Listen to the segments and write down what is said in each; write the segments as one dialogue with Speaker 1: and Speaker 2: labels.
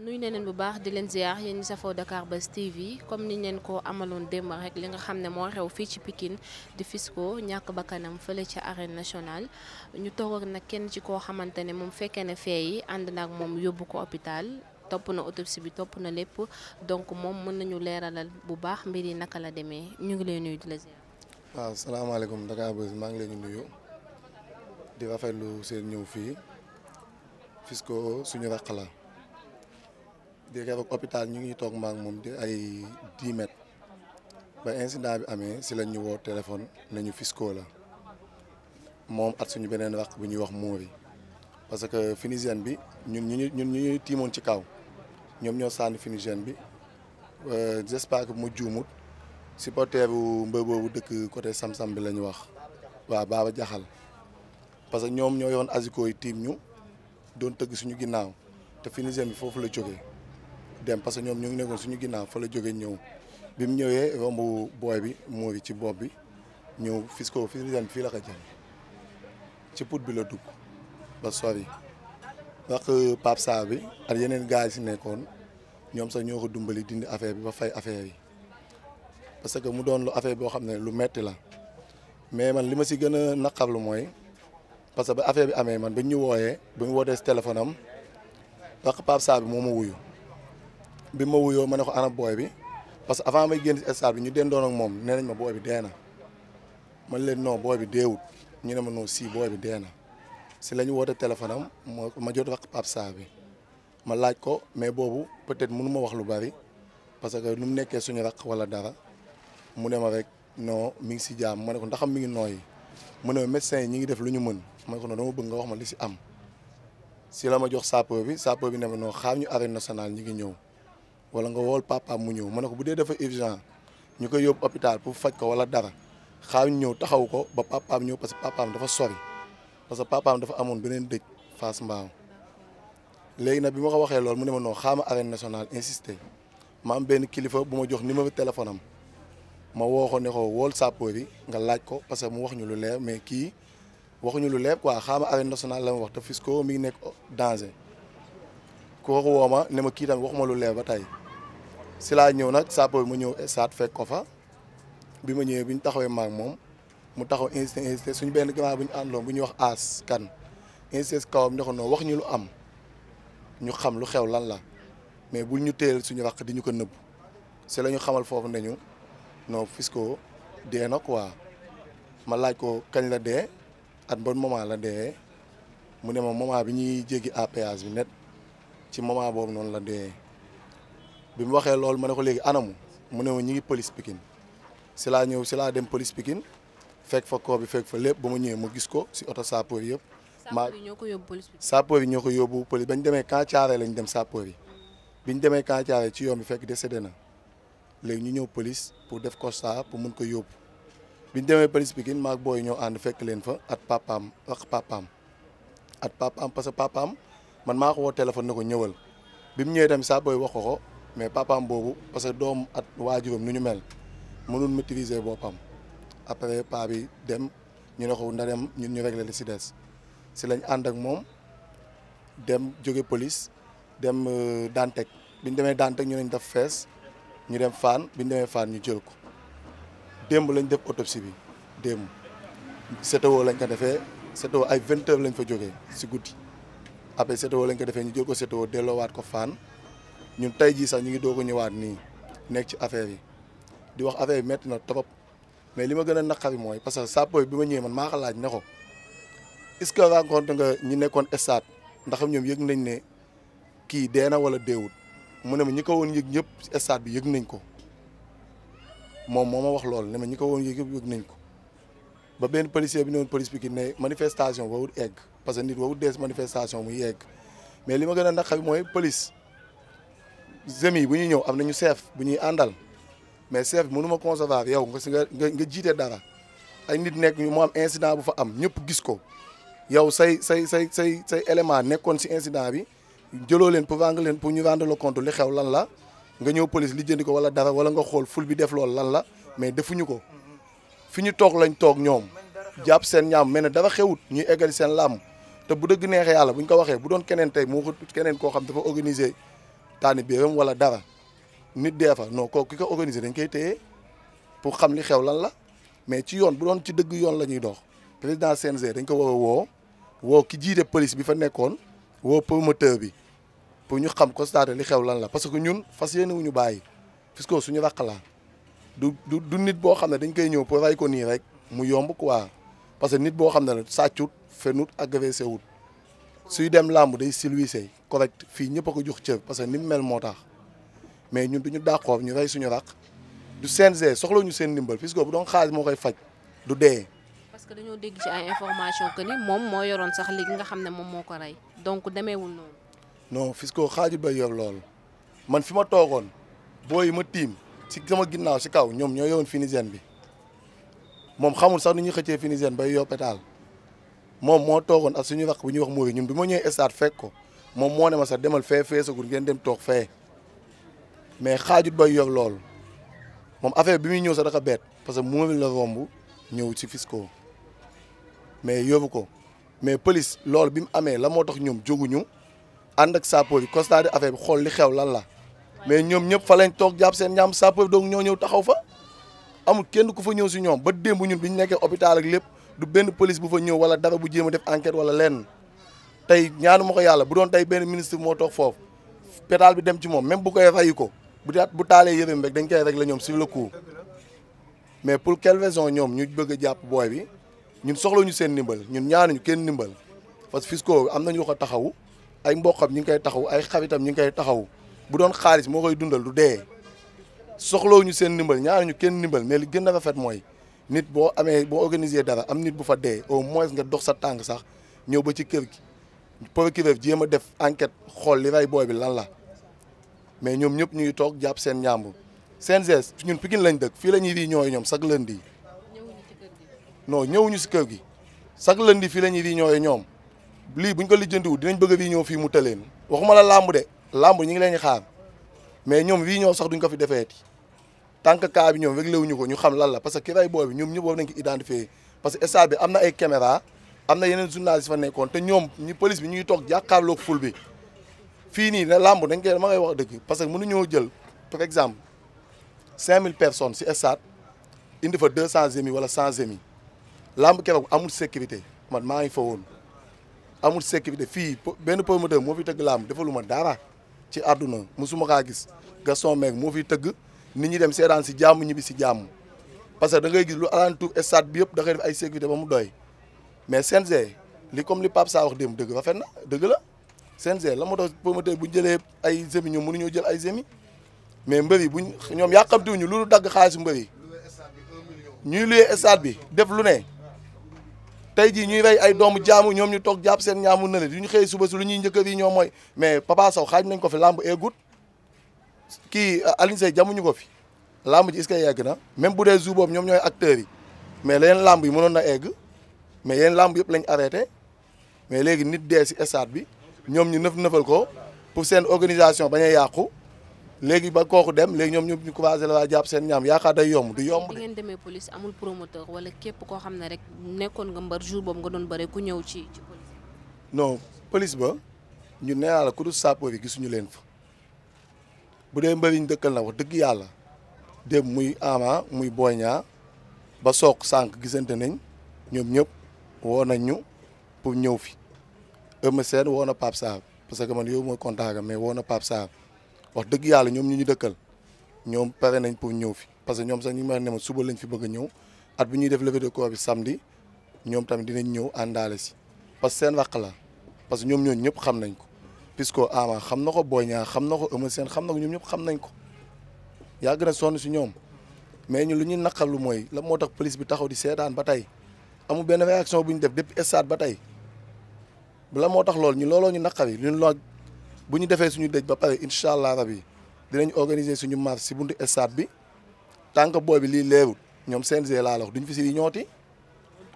Speaker 1: nuy ne leen bu baax di leen ziar yéen ñi safoo Dakar Buzz TV comme niñ leen ko amaloon démb rek li nga xam ne moo xew fii ci pikin di Fisco ñàkk bakkanam fële ci arène nationale ñu toog nag kenn ci koo xamante ne moom fekkee ne fee yi ànd naag moom yóbbu ko hôpital topp na autopsie bi topp na lépp donc moom mën nañu leeralal bu baax mbir yi naka la demee ñu ngi lay nuyu di la ziar.
Speaker 2: waaw salaamaaleykum Dakar Buzz maa ngi leen nuyu di rafetlu seen ñëw fii Fisco suñu raq di rek hôpital ñu ngi toog maak moom di ay 10 mètres ba incident bi amee si lañ ñu woo téléphone nañu Fisco la moom at suñu beneen raq bu ñuy wax Mori parce que Phénicienne bi ñu ñu ñun ñu tiimoon ci kaw ñoom ñoo sànni Phénicienne bi euh, j'espère que mu juumut supporter bu mbër boobu dëkk côté Samsam bi lañu wax waa Baba Jaxal parce que ñoom ñoo yoon asiko yi tiim ñu doon tëgg suñu ginnaaw te Phénicienne bi foofu la jógee. dem parce que ñoom ñu ngi nekkoon suñu ginnaaw fa la jóge ñëw bi mu ñëwee romb booy bi moo ci bopp bi ñëw fisco fi ren fii la ko jël ci put bi la dugg ba sori wax euh, Pape Sarr bi ak yeneen gars yi si nekkoon ñoom sax ñoo ko dumbali dindi affaire bi ba fay affaire yi parce que mu doon lu affaire boo xam ne lu metti la mais man li ma si gën a naqarlu mooy parce que ba affaire bi amee man ba ñu wooyee ba ñu wootee si téléphone am wax Pape Sarr bi moo ma bi ma wuyoo ma ne ko ana booy bi parce que avant may génn si stade bi ñu dendoon ak moom ne nañ ma booy bi dee na man leen non booy bi deewut ñu ne ma non si booy bi dee na si la ñu woote téléphone am ma ma jot wax Pape Sarr bi ma laaj ko mais boobu peut-être mënu ma wax lu bari parce que nu mu nekkee suñu raq wala dara mu ne ma rek non mi ngi si jaam ma ne ndaxam mi ngi nooyi mu ne médecin yi ñi ngi def lu ñu mën ma ne ko non nga wax ma li si am si la ma jox sappo bi sappo bi ne ma non xaar ñu arène nationale ñi ngi ñëw. wala nga wool papa mu ñëw ma ne ko bu dee dafa urgent ñu koy yóbbu hôpital pour faj ko wala dara xaar ñëw taxaw ko ba papaam ñëw parce que papaam dafa sori parce que papaam dafa amoon beneen dëj Fass Mbao léegi nag bi ma ko waxee loolu mu ne ma non xaama arène national insisté maam am benn kilifa bu ma jox numéro téléphone am ma woo ko ne ko wool sapeurs yi nga laaj ko parce que mu wax ñu lu leer mais kii waxuñu lu leer quoi xaama arène nationale la ma wax te Fisco mi ngi nekk danger ku ko woo ma ma kii tamit waxuma lu leer ba tey. si laa ñëw nag sappo bi ma ñëw saat fekk ko fa bi ma ñëwee bi ñu taxawee maag moom mu taxaw insisté suñu benn gamaa bu ñu àndoon bu ñuy wax aas kan insisté si kawam ne wax ñu lu am ñu xam lu xew lan la mais bul ñu teel suñu wax di ñu ko nëbb si la ñu xamal foofu nañu non Fisco dee na quoi ma laaj ko kañ la dee at bon moment la dee mu ne ma moment bi ñuy jéggi APS bi net ci moment boobu noonu la dee bi mu waxee loolu ma ne ko léegi anamu mu ne ma ñu ngi police Pikine si ñëw si laa dem police Pikine fekk fa bi fekk fa lépp ba ma ñëwee ma gis ko si oto sapeurs yëpp. ma yi ñoo ko yóbbu police bañ demee Camp Thiaroye lañ dem sapeurs yi biñ demee Camp Thiaroye ci yoon bi fekk décédé na léegi ñu ñëw police pour def constat pour mun ko yóbbu biñ demee police Pikine maag booy ñoo ànd fekk leen fa at papaam ak papaam at papaam parce que papaam man maa ko woo téléphone na ko ñëwal bi mu ñëwee tamit sapeurs yi wax ko ko mais papaam boobu parce que doom at waajuram nu ñu mel mënul maîtriser boppam après paa bi dem ñu ne ko ndarem ñun ñu régler li si des si lañ ànd ak moom dem jóge police dem euh, Dantec bi ñu demee Dantec ñu ne def fees ñu dem Fann bi ñu demee Fann ñu jël ko démb lañ def autopsie bi démb CTO lañ ko defee CTO ay vingt lañ fa jógee si guddi après CTO lañ ko defee ñu jël ko CTO delloowaat ko Fann ñun tey jii sax ñu ngi doog a ñëwaat nii nekk ci affaire yi di wax affaire metti métti na trop mais li ma gën a naqari mooy parce que sapeurs bi ma ñëwee man maa ko laaj ne ko est-ce que rencontre nga ñi nekkoon stade ndax ñoom yëg nañ ne kii dee na wala deewut mu ne ma ñi ko woon ñëpp si stade bi yëg nañ ko moom moo ma wax loolu ne ma ñi ko woon yëg yëg nañ ko ba benn policier bi ne woon police bi ki egg parce que nit warul dee si manifestation muy egg mais li ma gën a naqari mooy police. zemi bu ñuy ñëw am nañu chef bu ñuy àndal mais chef bi mënu ma yow nga si nga nga jiite dara ay nit nekk ñu mu am bu fa am ñëpp gis ko yow say say say say say élément nekkoon si incident bi jëloo leen pour vendre leen pour ñu rendre le compte li xew lan la nga ñëw police li jëndi ko wala dara wala nga xool ful bi def lool lan la mais defuñu ko fi ñu toog lañ toog ñoom jàpp seen ñaam mel ne dara xewut ñuy eggali seen làmm te bu dëgg neexee yàlla bu ñu ko waxee bu doon keneen tey moo ko keneen koo xam dafa organiser taalibeem wala dara nit dee fa non kooku ki ko organisé dañ koy téye pour xam li xew lan la mais ci yoon bu doon ci dëgg yoon la ñuy dox président CNG dañ ko war a woo woo ki jiite police bi fa nekkoon woo promoteur bi pour ñu xam constaté li xew lan la parce que ñun fas yéene wu ñu bàyyi Fisco suñu raq la du du du nit boo xam ne dañ koy ñëw pour rey ko nii rek mu yomb quoi parce que nit boo xam ne sàccut fenut agressé wut suy dem làmb day silwisey correct fii ñëpp ko jox cër parce que ni mu mel moo tax mais ñun du ñu dàqoor ñu rey suñu raq du CNG soxla ñu seen ndimbal puisque bu doon xaalis moo koy faj du dee.
Speaker 1: parce que dañoo dégg ci ay information que ni moom moo yoroon sax li nga xam ne moom moo ko rey donc demeewul noonu.
Speaker 2: non Fisco xaaju bay yor loolu man fi ma toogoon booy ma tiim ci sama ginnaaw si kaw ñoom ñoo yoroon Finisène bi moom xamul sax nu ñuy xëccee Finisène ba yor pétale moom moo toogoon a suñu raq bu ñuy wax mooy ñun bi ma ñëwee stade fekk ko. moom moo ne ma sax demal fee fee sagul ngeen dem toog fee mais xaajut ba yog loolu moom affaire bi muy ñëw sa dafa beet parce que mu la romb ñëw ci Fisco mais yóbbu ko mais police loolu bi mu amee la moo tax ñoom jóguñu ànd ak sappo bi constaté affaire bi xool li xew lan la mais ñoom ñëpp fa lañ toog jàpp seen ñaam sappo bi donc ñoo ñëw taxaw fa amul kenn ku fa ñëw si ñoom ba démb ñun bi ñu nekkee hôpital ak lépp du benn police bu fa ñëw wala dara bu jéem def enquête wala lenn. tey ñaanu ma ko yàlla bu doon tey benn ministre moo toog foofu pétale bi dem ci moom même bu koy fayu ko bu daat bu taalee yërëm rek dañ koy régler ñoom sur la coup mais pour quelle raison ñoom ñu bëgg a jàpp booy bi ñun soxlawuñu seen ndimbal ñun ñaanuñu kenn ndimbal parce que fisco am nañu ko taxaw ay mboqam ñu ngi koy taxaw ay xaritam ñu ngi koy taxaw bu doon xaalis moo koy dundal du dee soxlawuñu seen ndimbal ñaanuñu kenn ndimbal mais li gën a rafet mooy nit boo amee boo organiser dara am nit bu fa dee au moins nga dox sa tànk sax ñëw ba ci kër gi procureur jéem a def enquête xool li rey booy bi lan la mais ñoom ñëpp ñuy toog jàpp seen njàmbur CNG ñun Pikine lañ dëkk fii la ñuy réunion yi ñoom chaque lundi non ñëwuñu si kër gi chaque lundi fii la ñuy réunion yi ñoom lii buñ ko lijjantiwul dinañ bëgg a réunion fii mu tëleen waxuma la làmb de làmb ñu ngi leen xaar mais ñoom réunion sax duñ ko fi defeeti tant que cas bi ñoom réglé wuñu ko ñu xam lan la parce que ki rey booy bi ñoom ñëpp war nañ ko identifier parce que stade bi am na ay caméra am na yeneen journaliste fa nekkoon te ñoom ñi police bi ñuy toog jàkkaarloog ful bi fii nii ne làmb dañ koy dama ngay wax dëgg parce que mënuñoo jël par exemple cinq 5000 personnes si stade indi fa 200 zemi wala 100 zemi lamb keroog amul sécurité man maa ngi fa woon amul sécurité fii benn promoteur moo fi tëgg làmb defalu ma dara ci àdduna musuma kaa gis Gaston meeg moo fi tëgg ni ñi dem seetaan si jàmm ñibbi si jàmm parce que da ngay gis lu alentour stade bi yëpp da ngay def ay sécurité ba mu doy. mais CNG li comme li Pape Sarr wax démb dëgg rafet na dëgg la CNG la moo tax promoteur bu jëlee ay semis ñoom mënuñoo jël ay semis mais mbër yi buñ ñoom yàqamtiwuñu lu dagg xaalisu mbër yi ñuy luyee stade bi def lu ne tey jii ñuy rey ay doomu jaamu ñoom ñu toog jàpp seen ñaamu nële du ñu xëy suba si lu ñuy njëkkër yi ñoom mooy mais Papa Sow xaaj nañ ko fi làmb eegut kii Alioune Seye jamuñu ko fi làmb ji est-ce yegg na même bu dee jour boobu ñoom ñooy acteurs yi mais leen làmb yi mënoon na egg. mais yéen làmb yëpp lañ arrêté mais léegi nit dee si stade bi ñoom ñu nëf nëfal ko pour seen organisation bañ a yàqu léegi ba kooku dem léegi ñoom ñëpp ñu croisé la waa jàpp seen ñaam yaakaar day yomb du yomb. di
Speaker 1: ngeen demee police amul promoteur wala képp koo xam ne rek nekkoon nga mbar jour boobu nga doon bëre ku ñëw ci ci
Speaker 2: police. ba ñu nee la ku dul sapeurs yi gisuñu leen fa bu dee mbëri ñu dëkkal na wax dëgg yàlla dem muy Ama muy Boy ba sook sànq gisante nañ ñoom ñëpp. woo nañ ñu pour ñëw fi Eumeu Sène woo na Pape Sarr parce que man yow mooy contact mais woo na Pape Sarr wax dëgg yàlla ñoom ñu ñu dëkkal ñoom pere nañ pour ñëw fi parce que ñoom sax ñu ma ne ma suba lañ fi bëgg ñëw at bu ñuy def levée de corps bi samedi ñoom tamit dinañ ñëw àndaale si parce que seen wàq la parce que ñoom ñooñu ñëpp xam nañ ko Pisco Ama xam na ko Boy Niang xam na ko Eumeu Sène xam na ñoom ñëpp xam nañ ko yàgg na si ñoom mais ñu lu ñuy naqarlu mooy la moo tax police bi taxaw di seetaan ba tey amul benn réaction bu ñu def depuis stade ba tey la moo tax loolu ñu looloo ñu naqari ñun lool bu ñu defee suñu dëj ba pare incha allah rabi dinañ organiser suñu marche si buntu stade bi tant que booy bi lii leerul ñoom CNG laa la wax duñ fi si ñooti.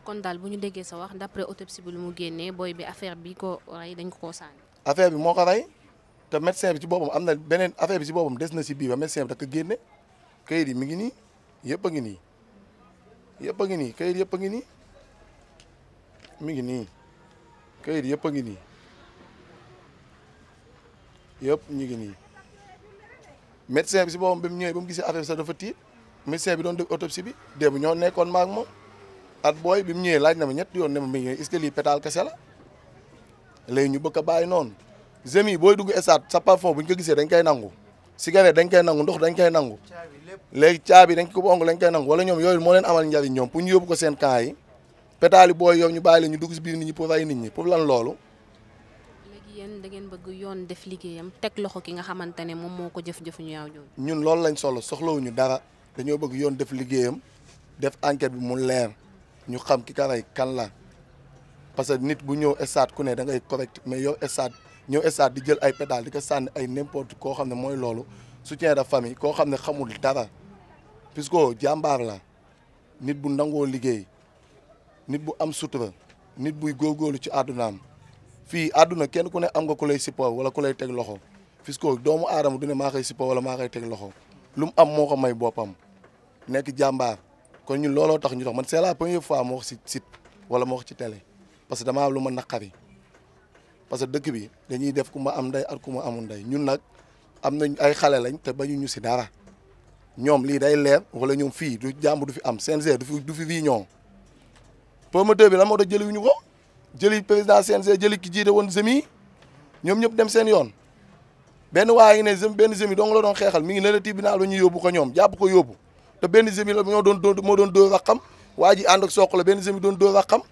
Speaker 1: kon daal bu ñu déggee sa wax d'après autopsie bi lu mu génnee booy bi affaire bi ko rey dañ ko koo sànni.
Speaker 2: affaire bi moo ko rey te médecin bi ci boppam am na beneen affaire bi ci boppam des na si biir ba médecin bi da ko génne kayit yi mi ngi nii yëpp a ngi nii yëpp ngi nii kayit yëpp a ngi nii. mi ngi nii kayit yëpp ngi nii yëpp ñu ngi nii médecin bi si boppam bi mu ñëwee ba mu gisee affaire bi dafa tiit médecin bi doon def autopsie bi démb ñoo nekkoon maak moom at booy bi mu ñëwee laaj na ma ñett yoon ne ma mi ngi est-ce que lii pétale kese la léegi ñu bëgg a baay noonu zemi yi booy dugg estaat sa parfum bu ñu ko gisee dañ koy nangu cigarette dañ koy nangu ndox dañ koy nangu léegi caabi dañ ko bong dañ koy nangu wala ñoom yooyu moo leen amal njariñ ñoom pour ñu ko seen camp pétali booy yow ñu bàyyi la ñu dugg si biir nit ñi pour ay nit ñi pour lan loolu.
Speaker 1: léegi bëgg yoon def teg loxo ki nga xamante ne moom moo ko jëf-jëf
Speaker 2: ñun loolu lañ solo soxlawuñu dara dañoo bëgg yoon def liggéeyam def enquête bi mu leer ñu xam ki ka kan la parce que nit bu ñëw stade ku ne dangay ngay correct mais yow stade ñëw stade di jël ay pétale di ko sànni ay n'importe koo xam ne mooy loolu soutien de famille koo xam ne xamul dara puisque jàmbaar la nit bu nangoo liggéey. nit bu am sutura nit buy góorgóorlu ci àddunaam fii àdduna kenn ku ne am nga ku lay support wala ku lay teg loxo Fisco doomu aadama du ne maa koy support wala maa koy teg loxo lu mu am moo ko may boppam nekk jàmbaar kon ñu looloo tax ñu tax man c'est la première fois ma wax si site wala moo wax ci tele parce que dama am lu ma naqari parce que dëkk bi dañuy def ku ma am ndey ak ku ma amul ndey ñun nag am nañ ay xale lañ te ba ñu si dara ñoom lii day leer wala ñoom fii du jàmb du fi am CNG du fi du fi viñoo promoteur bi la moo tax jëli wuñu ko jëli président CNG jëli ki jiite woon zemi ñoom ñëpp dem seen yoon benn waaye ne zem benn zemi dong la doon xeexal mi ngi ne la tribunal la ñu yóbbu ko ñoom jàpp ko yóbbu te benn zemi la doon doon moo doon dóor raxam waa ji ànd ak soq la benn zemi doon dóor raxam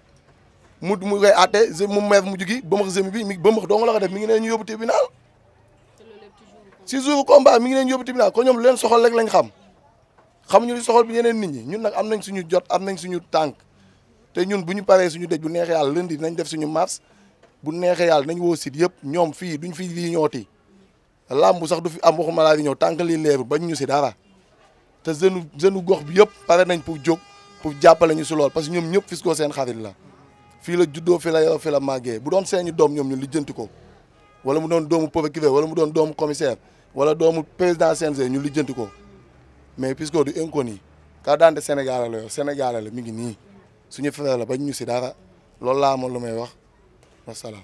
Speaker 2: mu mu koy àtte mu meef mu jugi bëmax zemi bi mi bëmax dong la ko def mi ngi ne ñu yóbbu tribunal si jour combat mi ngi leen yóbbu tribunal ko ñoom leen soxal rek lañ xam xamuñu li soxal bi yeneen nit ñi ñun nag am nañ suñu jot am nañ suñu tànk te ñun bu ñu paree suñu dëj bu neexee yàlla lundi nañ def suñu mars bu neexee yàlla nañ woo sit yëpp ñoom fii duñ fi lii ñooti làmb sax du fi am waxuma laa di ñëw tànk leeru bañ ñu si dara te jeune jeune gox bi yëpp pare nañ pour jóg pour jàppale ñu si lool parce que ñoom ñëpp Fisco seen xarit la fi la juddoo fi la yow fi la màggee bu doon seeni doom ñoom ñu lijjanti ko wala mu doon doomu procureur wala mu doon doomu commissaire wala doomu président CNG ñu lijjanti ko mais Fisco du inconnu Sénégal la mi ngi nii. suñu frère la bañ ñu si dara loolu laa amoon lu may wax wasalaam.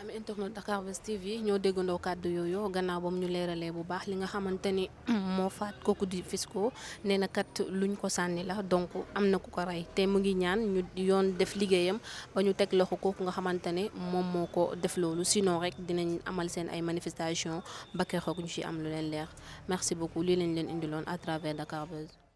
Speaker 1: am internet Dakarbuzz TV ñoo déggandoo kàddu yooyu gannaaw ba mu ñu leeralee bu baax li nga xamante ni moo faat kooku di Fisco nee na kat luñ ko sànni la donc am na ku ko rey te mu ngi ñaan ñu yoon def liggéeyam ba ñu teg loxo kooku nga xamante ne moom moo ko def loolu sinon rek dinañ amal seen ay manifestation ba keroog ñu ci am lu leen leer merci beaucoup lii lañ leen indiloon à travers Dakarbuzz.